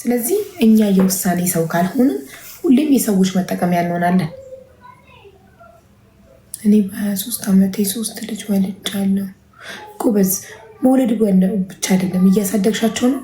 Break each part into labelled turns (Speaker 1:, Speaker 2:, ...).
Speaker 1: ስለዚህ እኛ የውሳኔ ሰው ካልሆን ሁሌም የሰዎች መጠቀሚያ እንሆናለን። እኔ በ አመት ዓመቴ ሶስት ልጅ ወልጃለሁ። ጎበዝ መውለድ ብቻ አይደለም፣ እያሳደግሻቸው ነው።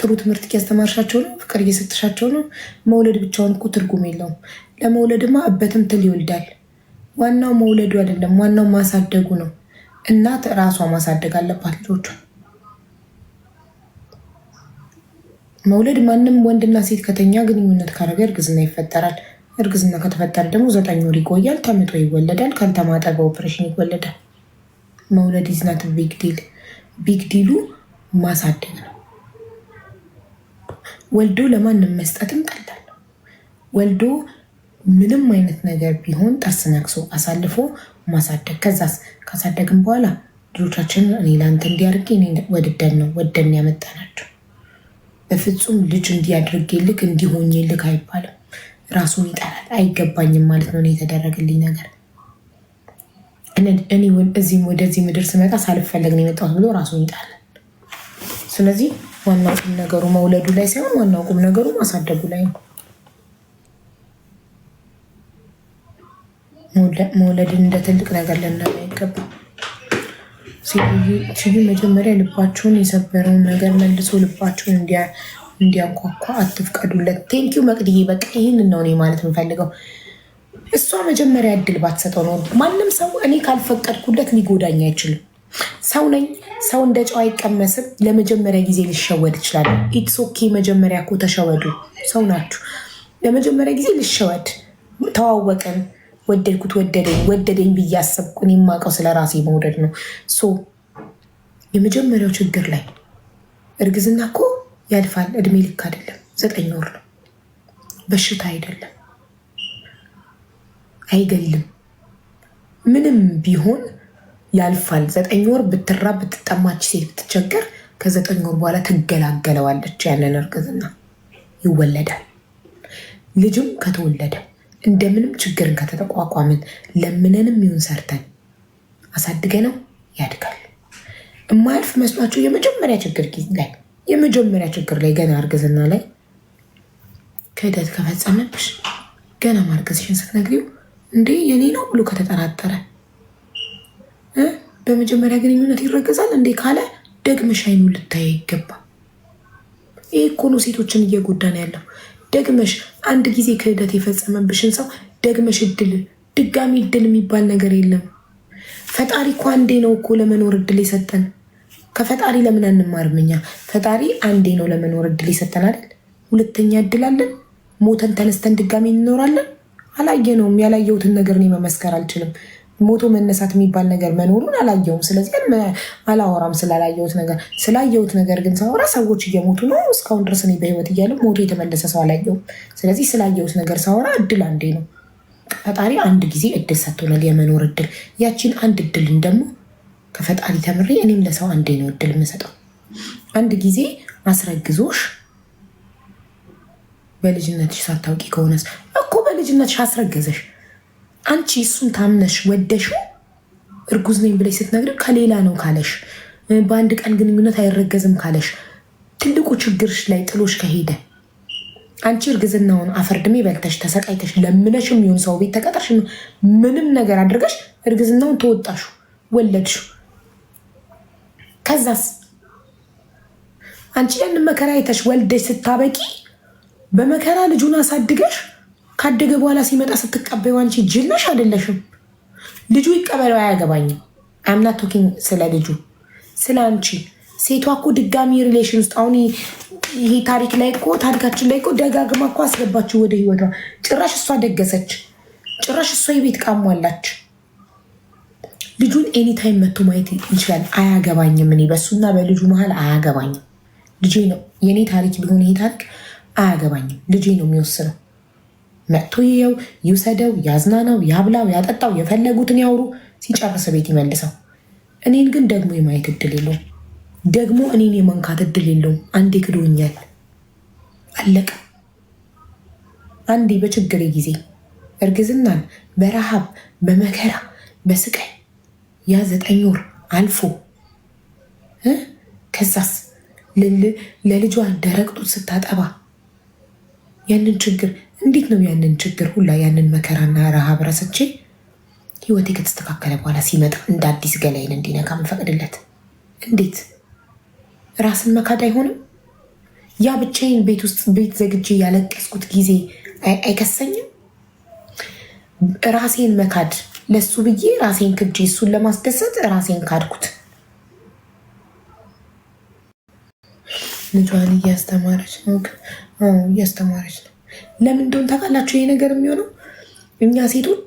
Speaker 1: ጥሩ ትምህርት እያስተማርሻቸው ነው። ፍቅር እየሰጥሻቸው ነው። መውለድ ብቻውን እኮ ትርጉም የለውም። ለመውለድማ እበትም ትል ይወልዳል። ዋናው መውለዱ አይደለም፣ ዋናው ማሳደጉ ነው። እናት ራሷ ማሳደግ አለባት ልጆቿን። መውለድ ማንም ወንድና ሴት ከተኛ ግንኙነት ካረገ እርግዝና ይፈጠራል። እርግዝና ከተፈጠረ ደግሞ ዘጠኝ ወር ይቆያል፣ ተምጦ ይወለዳል፣ ካልተማጠ በኦፕሬሽን ይወለዳል። መውለድ ይዝናት ቢግ ዲል፣ ቢግ ዲሉ ማሳደግ ነው። ወልዶ ለማንም መስጠትም ቀላል ነው። ወልዶ ምንም አይነት ነገር ቢሆን ጥርስ ነክሶ አሳልፎ ማሳደግ። ከዛስ ካሳደግም በኋላ ልጆቻችን እኔ ለአንተ እንዲያርግ ወድደን ነው ወደን ያመጣናቸው። በፍጹም ልጅ እንዲያደርግ እንዲሆኝ ልክ አይባልም። ራሱን ይጠላል። አይገባኝም ማለት ነው የተደረገልኝ ነገር እኔ እዚህም ወደዚህ ምድር ስመጣ ሳልፈለግ ነው የመጣሁት ብሎ ራሱን ይጣላል። ስለዚህ ዋናው ቁም ነገሩ መውለዱ ላይ ሳይሆን ዋናው ቁም ነገሩ ማሳደጉ ላይ ነው። መውለድን እንደ ትልቅ ነገር ልናየው አይገባም። ሴትዩ መጀመሪያ ልባቸውን የሰበረውን ነገር መልሶ ልባቸውን እንዲያኳኳ አትፍቀዱለት። ቴንኪዩ መቅድዬ። በቃ ይህንን ነው እኔ ማለት የምፈልገው። እሷ መጀመሪያ እድል ባትሰጠው ነው። ማንም ሰው እኔ ካልፈቀድኩለት ሊጎዳኝ አይችልም። ሰው ነኝ። ሰው እንደ ጨው አይቀመስም። ለመጀመሪያ ጊዜ ሊሸወድ ይችላል። ኢትስ ኦኬ። መጀመሪያ እኮ ተሸወዱ። ሰው ናችሁ። ለመጀመሪያ ጊዜ ልሸወድ ተዋወቅን ወደድኩት፣ ወደደኝ ወደደኝ ብዬ አሰብኩ። እኔ የማውቀው ስለ ራሴ መውደድ ነው። ሶ የመጀመሪያው ችግር ላይ እርግዝና እኮ ያልፋል። እድሜ ልክ አይደለም፣ ዘጠኝ ወር ነው። በሽታ አይደለም፣ አይገልም። ምንም ቢሆን ያልፋል። ዘጠኝ ወር ብትራ ብትጠማች ሴት ብትቸገር ከዘጠኝ ወር በኋላ ትገላገለዋለች። ያንን እርግዝና ይወለዳል። ልጅም ከተወለደ እንደምንም ችግርን ከተተቋቋምን ለምነንም ይሁን ሰርተን አሳድገ ነው ያድጋሉ። እማያልፍ መስሏቸው የመጀመሪያ ችግር ጊዜ ላይ የመጀመሪያ ችግር ላይ ገና እርግዝና ላይ ክህደት ከፈጸመብሽ ገና ማርገዝሽን ስትነግሪው እንዴ የኔ ነው ብሎ ከተጠራጠረ በመጀመሪያ ግንኙነት ይረገዛል እንዴ ካለ ደግመሽ አይኑ ልታይ ይገባ። ይህ እኮ ነው ሴቶችን እየጎዳን ያለው። ደግመሽ አንድ ጊዜ ክህደት የፈጸመብሽን ሰው ደግመሽ እድል ድጋሚ እድል የሚባል ነገር የለም። ፈጣሪ እኮ አንዴ ነው እኮ ለመኖር እድል የሰጠን። ከፈጣሪ ለምን አንማርም እኛ? ፈጣሪ አንዴ ነው ለመኖር እድል የሰጠን አይደል? ሁለተኛ እድል አለን? ሞተን ተነስተን ድጋሚ እንኖራለን? አላየ ነውም። ያላየሁትን ነገር እኔ መመስከር አልችልም። ሞቶ መነሳት የሚባል ነገር መኖሩን አላየውም። ስለዚህ አላወራም ስላላየሁት ነገር። ስላየውት ነገር ግን ሳወራ ሰዎች እየሞቱ ነው። እስካሁን ድረስ እኔ በህይወት እያለ ሞቶ የተመለሰ ሰው አላየውም። ስለዚህ ስላየውት ነገር ሳወራ እድል አንዴ ነው። ፈጣሪ አንድ ጊዜ እድል ሰጥቶናል፣ የመኖር እድል። ያችን አንድ እድልን ደግሞ ከፈጣሪ ተምሬ እኔም ለሰው አንዴ ነው እድል የምሰጠው። አንድ ጊዜ አስረግዞሽ በልጅነትሽ ሳታውቂ ከሆነ እኮ በልጅነትሽ አስረገዘሽ አንቺ እሱን ታምነሽ ወደሹ እርጉዝ ነኝ ብለሽ ስትነግር ከሌላ ነው ካለሽ፣ በአንድ ቀን ግንኙነት አይረገዝም ካለሽ፣ ትልቁ ችግርሽ ላይ ጥሎሽ ከሄደ አንቺ እርግዝናውን አፈርድሜ በልተሽ ተሰቃይተሽ ለምነሽ የሚሆን ሰው ቤት ተቀጠርሽ፣ ምንም ነገር አድርገሽ እርግዝናውን ተወጣሹ፣ ወለድሹ። ከዛስ አንቺ ያንን መከራ አይተሽ ወልደሽ ስታበቂ በመከራ ልጁን አሳድገሽ ካደገ በኋላ ሲመጣ ስትቀበዩ አንቺ ጅል ነሽ አይደለሽም? ልጁ ይቀበለው አያገባኝም። አምና ቶኪንግ ስለ ልጁ ስለ አንቺ። ሴቷ እኮ ድጋሚ ሪሌሽን ውስጥ አሁን ይሄ ታሪክ ላይ እኮ ታሪካችን ላይ እኮ ደጋግማ እኮ አስገባችሁ ወደ ህይወቷ። ጭራሽ እሷ ደገሰች፣ ጭራሽ እሷ የቤት ቃሟላች። ልጁን ኤኒታይም መቶ ማየት ይችላል። አያገባኝም። እኔ በሱና በልጁ መሀል አያገባኝም። ልጄ ነው የእኔ ታሪክ ቢሆን ይሄ ታሪክ አያገባኝም። ልጄ ነው የሚወስነው። መጥቶ ይየው፣ ይውሰደው፣ ያዝናናው፣ ያብላው፣ ያጠጣው፣ የፈለጉትን ያውሩ፣ ሲጨርስ ቤት ይመልሰው። እኔን ግን ደግሞ የማየት እድል የለውም። ደግሞ እኔን የመንካት እድል የለውም። አንዴ ክዶኛል፣ አለቀ። አንዴ በችግሬ ጊዜ እርግዝናን በረሃብ በመከራ በስቃይ ያ ዘጠኝ ወር አልፎ ከዛስ ለልጇ ደረቅ ጡት ስታጠባ ያንን ችግር እንዴት ነው ያንን ችግር ሁላ ያንን መከራና ረሃብ ረስቼ ህይወቴ ከተስተካከለ በኋላ ሲመጣ እንደ አዲስ ገላይን እንዲነካ ምፈቅድለት? እንዴት ራስን መካድ አይሆንም? ያ ብቻዬን ቤት ውስጥ ቤት ዘግጄ ያለቀስኩት ጊዜ አይከሰኝም? ራሴን መካድ ለሱ ብዬ ራሴን ክጄ እሱን ለማስደሰት ራሴን ካድኩት። ልጇን እያስተማረች ነው፣ እያስተማረች ነው። ለምን እንደሆነ ታውቃላችሁ? ይሄ ነገር የሚሆነው እኛ ሴቶች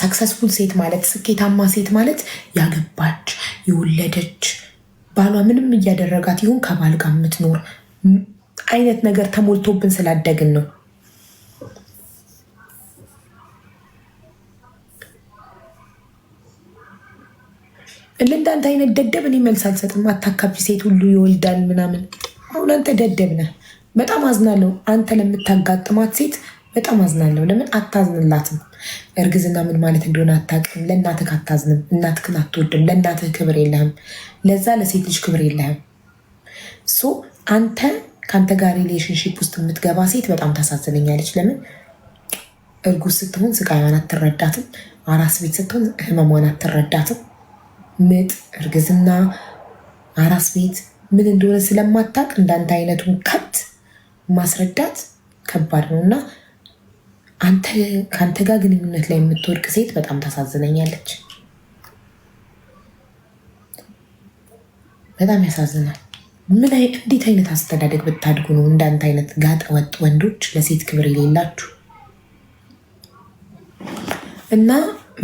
Speaker 1: ሰክሰስፉል ሴት ማለት ስኬታማ ሴት ማለት ያገባች የወለደች ባሏ ምንም እያደረጋት ይሁን ከባል ጋር የምትኖር አይነት ነገር ተሞልቶብን ስላደግን ነው። ለእንዳንተ አይነት ደደብ እኔ መልስ አልሰጥም። አታካቢ ሴት ሁሉ ይወልዳል ምናምን። አሁን አንተ ደደብ ነህ። በጣም አዝናለሁ። አንተ ለምታጋጥማት ሴት በጣም አዝናለሁ። ለምን አታዝንላትም? እርግዝና ምን ማለት እንደሆነ አታውቅም። ለእናትህ አታዝንም። እናትህን አትወድም። ለእናትህ ክብር የለህም። ለዛ ለሴት ልጅ ክብር የለህም። ሶ አንተ ከአንተ ጋር ሪሌሽንሽፕ ውስጥ የምትገባ ሴት በጣም ታሳዝነኛለች። ለምን እርጉዝ ስትሆን ስቃይዋን አትረዳትም። አራስ ቤት ስትሆን ህመሟን አትረዳትም። ምጥ፣ እርግዝና፣ አራስ ቤት ምን እንደሆነ ስለማታቅ እንዳንተ አይነቱን ከብት ማስረዳት ከባድ ነው እና አንተ ከአንተ ጋር ግንኙነት ላይ የምትወድቅ ሴት በጣም ታሳዝነኛለች። በጣም ያሳዝናል። ምን እንዴት አይነት አስተዳደግ ብታድጉ ነው እንዳንተ አይነት ጋጠ ወጥ ወንዶች ለሴት ክብር የሌላችሁ? እና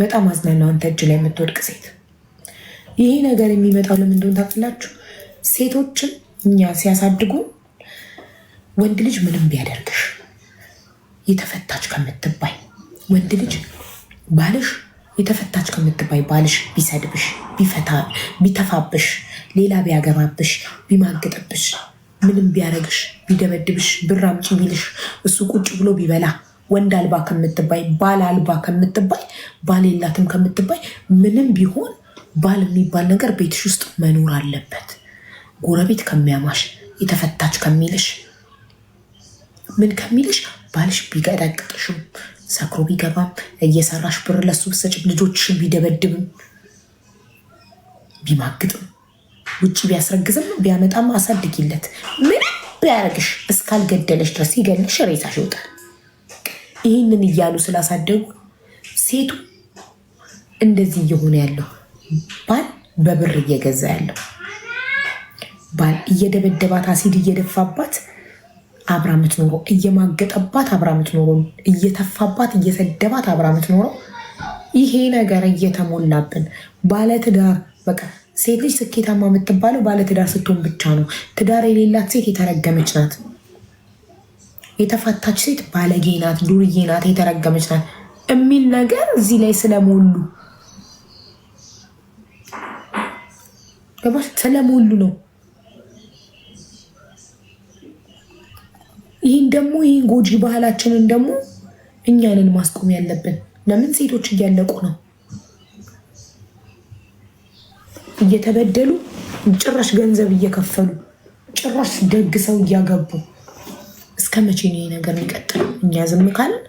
Speaker 1: በጣም አዝናለሁ አንተ እጅ ላይ የምትወድቅ ሴት ይሄ ነገር የሚመጣው ለምን እንደሆነ ታውቃላችሁ? ሴቶችን እኛ ሲያሳድጉ ወንድ ልጅ ምንም ቢያደርግሽ የተፈታች ከምትባይ ወንድ ልጅ ባልሽ የተፈታች ከምትባይ ባልሽ ቢሰድብሽ፣ ቢተፋብሽ፣ ሌላ ቢያገባብሽ፣ ቢማግጥብሽ፣ ምንም ቢያደርግሽ፣ ቢደበድብሽ፣ ብር አምጪ ቢልሽ፣ እሱ ቁጭ ብሎ ቢበላ ወንድ አልባ ከምትባይ ባል አልባ ከምትባይ ባል የላትም ከምትባይ ምንም ቢሆን ባል የሚባል ነገር ቤትሽ ውስጥ መኖር አለበት። ጎረቤት ከሚያማሽ የተፈታች ከሚልሽ ምን ከሚልሽ ባልሽ ቢቀጠቅጥሽም ሰክሮ ቢገባም እየሰራሽ ብር ለሱ ብትሰጪም ልጆችሽን ቢደበድብም ቢማግጥም ውጭ ቢያስረግዝም ቢያመጣም አሳድጊለት። ምንም ቢያደርግሽ እስካልገደለሽ ድረስ ይገልሽ ሬሳሽ ይወጣል። ይህንን እያሉ ስላሳደጉ ሴቱ እንደዚህ እየሆነ ያለው ባል በብር እየገዛ ያለው ባል እየደበደባት አሲድ እየደፋባት አብራ ምትኖረው እየማገጠባት አብራ ምትኖረው እየተፋባት እየሰደባት አብራ ምትኖረው ይሄ ነገር እየተሞላብን ባለትዳር በቃ ሴት ልጅ ስኬታማ የምትባለው ባለትዳር ስትሆን ብቻ ነው። ትዳር የሌላት ሴት የተረገመች ናት። የተፋታች ሴት ባለጌ ናት፣ ዱርዬ ናት፣ የተረገመች ናት የሚል ነገር እዚህ ላይ ስለሞሉ ገባሽ? ስለሞሉ ነው። ይህን ደግሞ ይህን ጎጂ ባህላችንን ደግሞ እኛንን ማስቆም ያለብን። ለምን ሴቶች እያለቁ ነው እየተበደሉ ጭራሽ ገንዘብ እየከፈሉ ጭራሽ ደግ ሰው እያገቡ እስከ መቼ ነው ነገር የሚቀጥለው? እኛ ዝም ካልን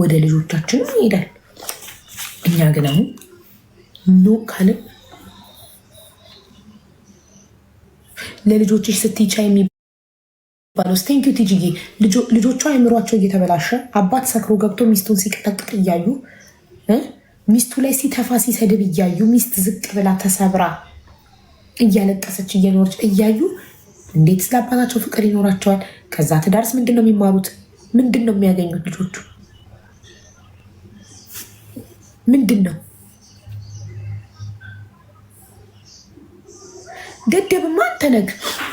Speaker 1: ወደ ልጆቻችን ይሄዳል። እኛ ግን አሁን ኖ ካልን ለልጆችሽ ስትይቻ የሚባለው ስቴንኪዩ ቲጂጌ። ልጆቿ አእምሯቸው እየተበላሸ አባት ሰክሮ ገብቶ ሚስቱን ሲቀጠቅጥ እያዩ ሚስቱ ላይ ሲተፋ ሲሰድብ እያዩ ሚስት ዝቅ ብላ ተሰብራ እያለቀሰች እየኖረች እያዩ እንዴት ስለ አባታቸው ፍቅር ይኖራቸዋል? ከዛ ትዳርስ ምንድን ነው የሚማሩት? ምንድን ነው የሚያገኙት? ልጆቹ ምንድን ነው ገደብማ አንተ ነህ።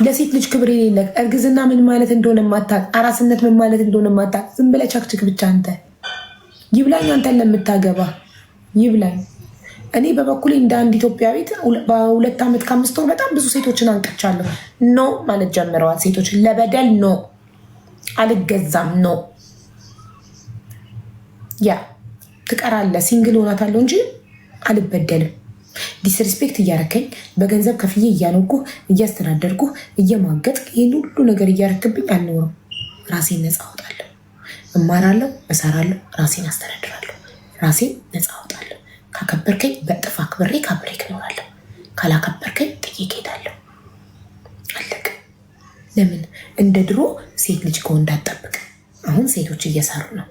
Speaker 1: ለሴት ልጅ ክብር የሌለህ እርግዝና ምን ማለት እንደሆነ ማታቅ፣ አራስነት ምን ማለት እንደሆነ ማታቅ፣ ዝም ብለህ ብቻ። አንተ ይብላኝ፣ አንተን ለምታገባ ይብላኝ። እኔ በበኩሌ እንደ አንድ ኢትዮጵያዊት በሁለት ዓመት ከአምስት ወር በጣም ብዙ ሴቶችን አንቀቻለሁ። ኖ ማለት ጀምረዋል ሴቶች ለበደል ኖ አልገዛም ኖ ያ ትቀራለህ። ሲንግል ሆናታለሁ እንጂ አልበደልም። ዲስሪስፔክት እያረከኝ በገንዘብ ከፍዬ እያኖርኩህ እያስተናደርኩህ እየማገጥ ይህን ሁሉ ነገር እያረክብኝ አልኖርም። ራሴን ነፃ አወጣለሁ። እማራለሁ፣ እሰራለሁ፣ ራሴን አስተዳድራለሁ፣ ራሴን ነፃ አወጣለሁ። ካከበርከኝ በጥፍ አክብሬ ካብሬክ እኖራለሁ። ካላከበርከኝ ጥዬ እሄዳለሁ። አለቀ። ለምን እንደ ድሮ ሴት ልጅ ከወንድ አሁን ሴቶች እየሰሩ ነው።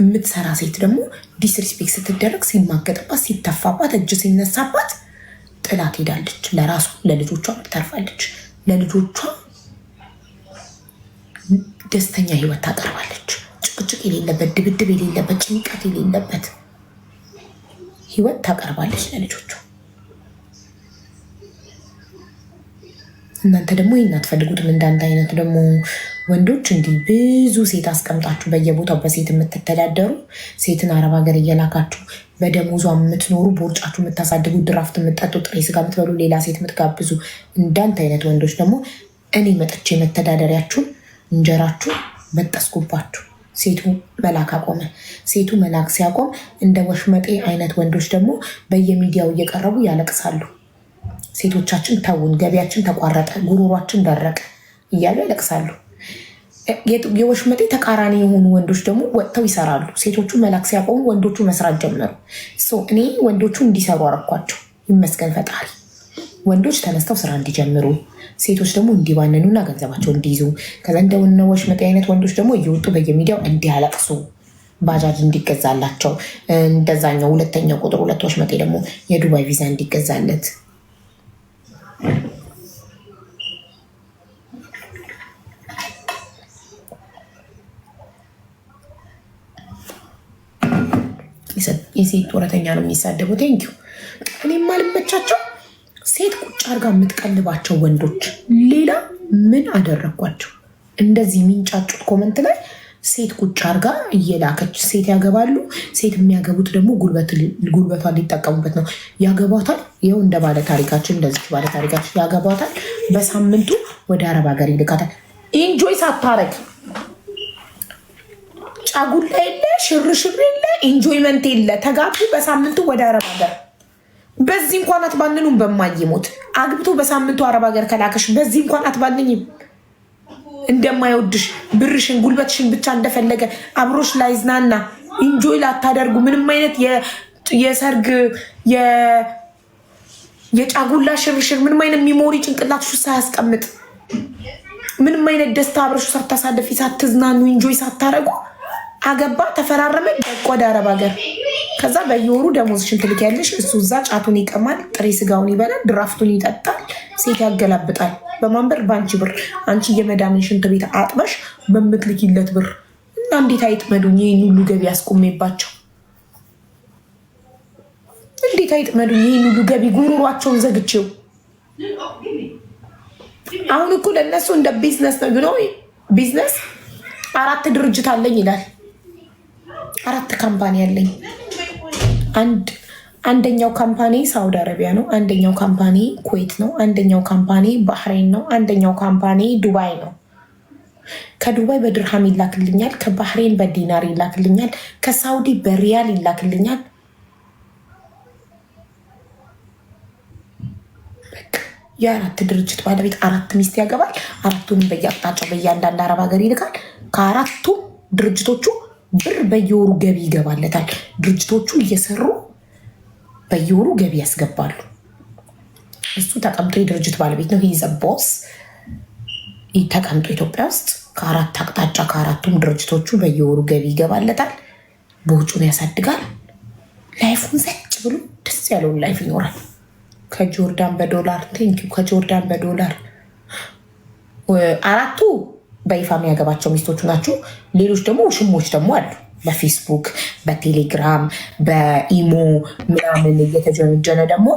Speaker 1: የምትሰራ ሴት ደግሞ ዲስሪስፔክት ስትደረግ፣ ሲማገጥባት፣ ሲተፋባት፣ እጅ ሲነሳባት ጥላ ትሄዳለች። ለራሷ ለልጆቿ ትተርፋለች። ለልጆቿ ደስተኛ ህይወት ታቀርባለች። ጭቅጭቅ የሌለበት፣ ድብድብ የሌለበት፣ ጭንቀት የሌለበት ህይወት ታቀርባለች ለልጆቿ። እናንተ ደግሞ ይህን አትፈልጉትም። እንዳንተ አይነት ደግሞ ወንዶች እንዲህ ብዙ ሴት አስቀምጣችሁ በየቦታው በሴት የምትተዳደሩ ሴትን አረብ ሀገር እየላካችሁ በደሞዟ የምትኖሩ በውርጫችሁ የምታሳድጉ ድራፍት የምጠጡ ጥሬ ስጋ የምትበሉ ሌላ ሴት የምትጋብዙ እንዳንተ አይነት ወንዶች ደግሞ እኔ መጥቼ መተዳደሪያችሁን እንጀራችሁ በጠስኩባችሁ። ሴቱ መላክ አቆመ። ሴቱ መላክ ሲያቆም እንደ ወሽመጤ አይነት ወንዶች ደግሞ በየሚዲያው እየቀረቡ ያለቅሳሉ። ሴቶቻችን ተውን፣ ገቢያችን ተቋረጠ፣ ጉሮሯችን ደረቀ እያሉ ያለቅሳሉ። የወሽመጤ ተቃራኒ የሆኑ ወንዶች ደግሞ ወጥተው ይሰራሉ። ሴቶቹ መላክ ሲያቆሙ ወንዶቹ መስራት ጀመሩ። እኔ ወንዶቹ እንዲሰሩ አረኳቸው። ይመስገን ፈጣሪ። ወንዶች ተነስተው ስራ እንዲጀምሩ፣ ሴቶች ደግሞ እንዲባነኑእና ገንዘባቸው እንዲይዙ፣ ከዛ እንደውነ ወሽመጤ አይነት ወንዶች ደግሞ እየወጡ በየሚዲያው እንዲያለቅሱ ባጃጅ እንዲገዛላቸው እንደዛኛው ሁለተኛው ቁጥር ሁለት ወሽመጤ ደግሞ የዱባይ ቪዛ እንዲገዛለት የሴት ወረተኛ ነው የሚሳደቡ። ቴንኪ እኔ ማልመቻቸው ሴት ቁጭ አርጋ የምትቀልባቸው ወንዶች ሌላ ምን አደረግኳቸው? እንደዚህ የሚንጫጩት ኮመንት ላይ ሴት ቁጭ አርጋ እየላከች ሴት ያገባሉ። ሴት የሚያገቡት ደግሞ ጉልበቷን ሊጠቀሙበት ነው። ያገቧታል። ይኸው እንደ ባለ ታሪካችን እንደዚች ባለ ታሪካችን ያገቧታል። በሳምንቱ ወደ አረብ ሀገር ይልካታል። ኢንጆይ ሳታረግ ጫጉላ የለ፣ ሽርሽር የለ፣ ኢንጆይመንት የለ። ተጋብቶ በሳምንቱ ወደ አረብ ሀገር በዚህ እንኳን አትባንኑም። በማይሞት አግብቶ በሳምንቱ አረብ ሀገር ከላከሽ በዚህ እንኳን አትባንኝም። እንደማይወድሽ ብርሽን፣ ጉልበትሽን ብቻ እንደፈለገ አብሮሽ ላይዝናና ኢንጆይ ላታደርጉ ምንም አይነት የሰርግ የጫጉላ ሽርሽር ምንም አይነት ሚሞሪ ጭንቅላትሽ ሳያስቀምጥ ምንም አይነት ደስታ አብረሹ ሳታሳደፊ ሳትዝናኑ ኢንጆይ ሳታረጉ አገባ፣ ተፈራረመ፣ ወደ አረብ ሀገር። ከዛ በየወሩ ደሞዝሽን ትልኪያለሽ። እሱ እዛ ጫቱን ይቀማል፣ ጥሬ ስጋውን ይበላል፣ ድራፍቱን ይጠጣል፣ ሴት ያገላብጣል። በማንበር በአንቺ ብር አንቺ የመዳምን ሽንት ቤት አጥበሽ በምትልኪለት ብር እና እንዴት አይጥመዱኝ? ይህን ሁሉ ገቢ አስቆሜባቸው እንዴት አይጥመዱኝ? ይህን ሁሉ ገቢ ጉሮሯቸውን ዘግቼው አሁን እኮ ለእነሱ እንደ ቢዝነስ ነው። ቢዝነስ አራት ድርጅት አለኝ ይላል አራት ካምፓኒ አለኝ። አንድ አንደኛው ካምፓኒ ሳውዲ አረቢያ ነው። አንደኛው ካምፓኒ ኩዌት ነው። አንደኛው ካምፓኒ ባህሬን ነው። አንደኛው ካምፓኒ ዱባይ ነው። ከዱባይ በድርሃም ይላክልኛል። ከባህሬን በዲናር ይላክልኛል። ከሳውዲ በሪያል ይላክልኛል። የአራት ድርጅት ባለቤት አራት ሚስት ያገባል። አራቱንም በየአቅጣጫው በእያንዳንድ አረብ ሀገር ይልካል። ከአራቱ ድርጅቶቹ ብር በየወሩ ገቢ ይገባለታል። ድርጅቶቹ እየሰሩ በየወሩ ገቢ ያስገባሉ። እሱ ተቀምጦ የድርጅት ባለቤት ነው። ይዘ ቦስ ተቀምጦ ኢትዮጵያ ውስጥ ከአራት አቅጣጫ ከአራቱም ድርጅቶቹ በየወሩ ገቢ ይገባለታል። በውጩን ያሳድጋል። ላይፉን ዘጭ ብሎ ደስ ያለውን ላይፍ ይኖራል። ከጆርዳን በዶላር ቴንኪው ከጆርዳን በዶላር አራቱ በይፋ የሚያገባቸው ሚስቶቹ ናቸው። ሌሎች ደግሞ ውሽሞች ደግሞ አሉ። በፌስቡክ፣ በቴሌግራም፣ በኢሞ ምናምን እየተጀነጀነ ደግሞ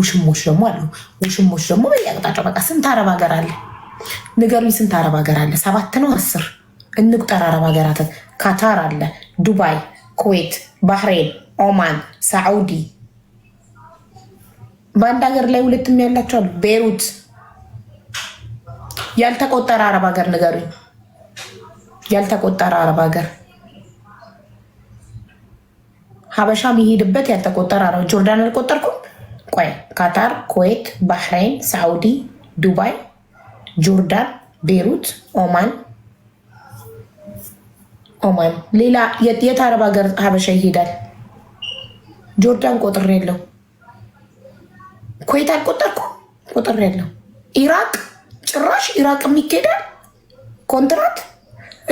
Speaker 1: ውሽሞች ደግሞ አሉ። ውሽሞች ደግሞ በየአቅጣጫው በቃ ስንት አረብ ሀገር አለ? ንገሩኝ፣ ስንት አረብ ሀገር አለ? ሰባት ነው አስር? እንቁጠር አረብ ሀገራት። ካታር አለ፣ ዱባይ፣ ኩዌት፣ ባህሬን፣ ኦማን፣ ሳዑዲ በአንድ ሀገር ላይ ሁለትም ያላቸው አሉ። ቤሩት ያልተቆጠረ አረብ ሀገር ንገሩኝ። ያልተቆጠረ አረብ ሀገር ሀበሻ የሚሄድበት ያልተቆጠረ አረብ ጆርዳን አልቆጠርኩም። ቆይ ካታር፣ ኩዌት፣ ባህሬን፣ ሳዑዲ፣ ዱባይ፣ ጆርዳን፣ ቤሩት፣ ኦማን ኦማን ሌላ የት አረብ ሀገር ሀበሻ ይሄዳል? ጆርዳን ቆጥሬ የለው። ኩዌት አልቆጠርኩም፣ ቆጥሬ የለው። ኢራቅ ጭራሽ ኢራቅ የሚኬዳል ኮንትራት።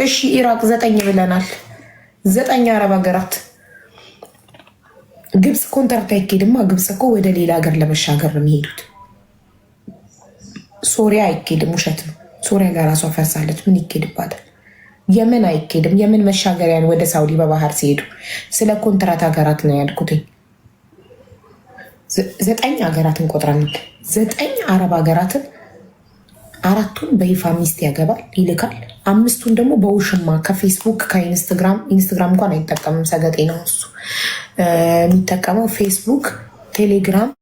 Speaker 1: እሺ ኢራቅ ዘጠኝ ብለናል። ዘጠኝ አረብ ሀገራት ግብፅ ኮንትራት አይኬድማ። ግብፅ እኮ ወደ ሌላ ሀገር ለመሻገር ነው የሚሄዱት። ሶሪያ አይኬድም፣ ውሸት ነው። ሶሪያ ጋር ራሷ ፈርሳለች። ምን ይኬድባታል? የምን አይኬድም። የምን መሻገሪያን ወደ ሳውዲ በባህር ሲሄዱ ስለ ኮንትራት ሀገራት ነው ያልኩትኝ። ዘጠኝ ሀገራትን ቆጥረናል። ዘጠኝ አረብ ሀገራትን አራቱን በይፋ ሚስት ያገባል ይልካል። አምስቱን ደግሞ በውሽማ ከፌስቡክ ከኢንስትግራም ኢንስትግራም እንኳን አይጠቀምም፣ ሰገጤ ነው እሱ የሚጠቀመው ፌስቡክ፣ ቴሌግራም